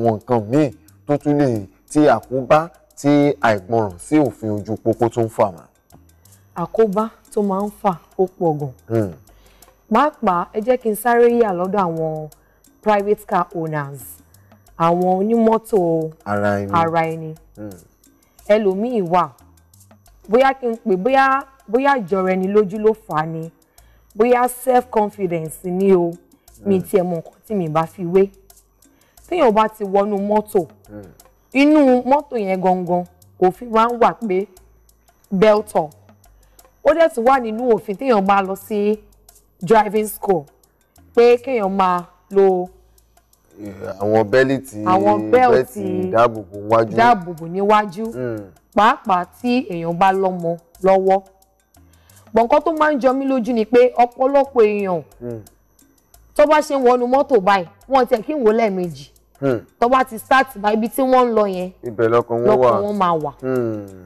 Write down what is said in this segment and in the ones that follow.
àwọn nǹkan míì tó tún lè ti àkóbá tí àìgbọràn sí òfin ojú pópó tó ń fà mà. àkóbá tó máa ń fà ó pọ̀ gan. Hmm. pàápàá ẹ jẹ́ kí n sáré yà lọ́dọ̀ àwọn private car owners àwọn onímọ́tò ara ẹni hmm. ẹlòmíì wà bóyá kí n pè bóyá bóyá ìjọra ẹni lójú ló fà á ni bóyá self confidence ni o mi hmm. tiẹ̀ mọ nǹkan tí mi bá fi wé téèyàn bá ti wọnú mọ́tò inú mọ́tò yẹn gangan kò fi máa ń wà pé beltor ó dẹ̀ ti wà nínú òfin téèyàn máa lọ sí driving school pé kéèyàn máa lo àwọn bẹ́lìtì bẹ́lìtì dáàbòbò níwájú dáàbòbò hmm. níwájú pàápàá tí èèyàn bá lọ́mọ lọ́wọ́ bọ̀ǹkan tó máa ń jọ mí lójú ni pé ọ̀pọ̀lọpọ̀ èèyàn hmm. tó bá ṣe ń wọnú mọ́tò báyìí wọ́n tiẹ̀ kí ń wò lẹ́ẹ̀mejì Hmm. tó bá ti start bá ibi tí wọ́n ń lọ yẹn ibẹ̀ lọ́kàn wọn wà lọ́kàn máa wà. Hmm.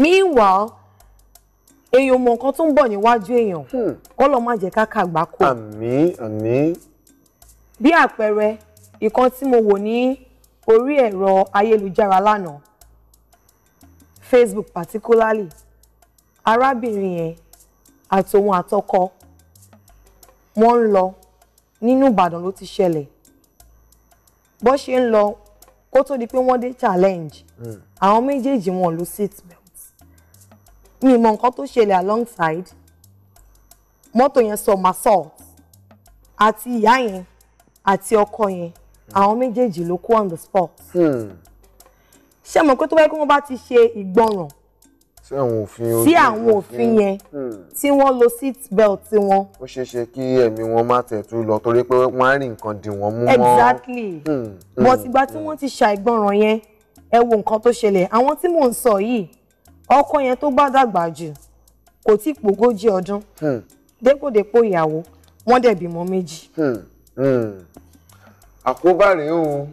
meanwhile èèyàn mọ nǹkan tó ń bọ̀ níwájú èèyàn hmm. kọ́lọ̀ má jẹ́ ká kàgbá kó. àmín àmín. bí àpẹẹrẹ ìkan tí mo wò ní orí ẹ̀rọ ayélujára lánàá Facebook particularly arábìnrin yẹn àtòun àtọkọ wọ́n ń lọ nínú Ìbàdàn ló ti ṣẹlẹ̀ bó ṣe ń lọ kó tó di pé wọ́n dé challenge hmm. àwọn méjèèjì wọn ló seat belt mi mọ nǹkan tó ṣẹlẹ̀ alongside mọ́tò yẹn sọ massault àti ìyá yẹn àti ọkọ yẹn àwọn méjèèjì ló kú on the spot hmm. ṣé mọ̀ pé tó bá yẹ kí wọ́n bá ti ṣe ìgbọràn sí àwọn òfin yẹn hmm. tí wọ́n lo seat belt tiwọn. ó ṣeé ṣe kí ẹ̀mí wọn má tẹ̀tú lọ torí pé wọ́n á rí nǹkan dì wọ́n mú wọn. exactly hmm. Hmm. but ìgbà tí wọ́n ti ṣàìgbọràn yẹn ẹ wo nǹkan tó ṣẹlẹ̀ àwọn tí mò ń sọ yìí ọkọ yẹn tó bá dàgbà jù kò tí pògójì ọdún dépòdépò ìyàwó wọ́n dẹ̀ bímọ méjì. àkóbá rèé o